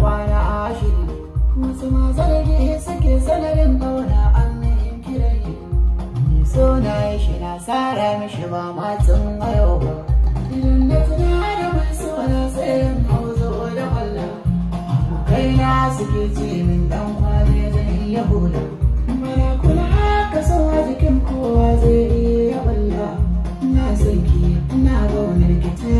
kwana ashiri wasu ma zargi suke sanarin ƙauna an nahin kirayi ni so na yi shi na tsara mishi ba matsin wayo ba idan na tuna da mai suna sai hauzo da kwallo kai na suke ce min dan kwane zai iya hula Mara kula haka sawa jikin kowa zai iya balla na sanki na gaunar kitan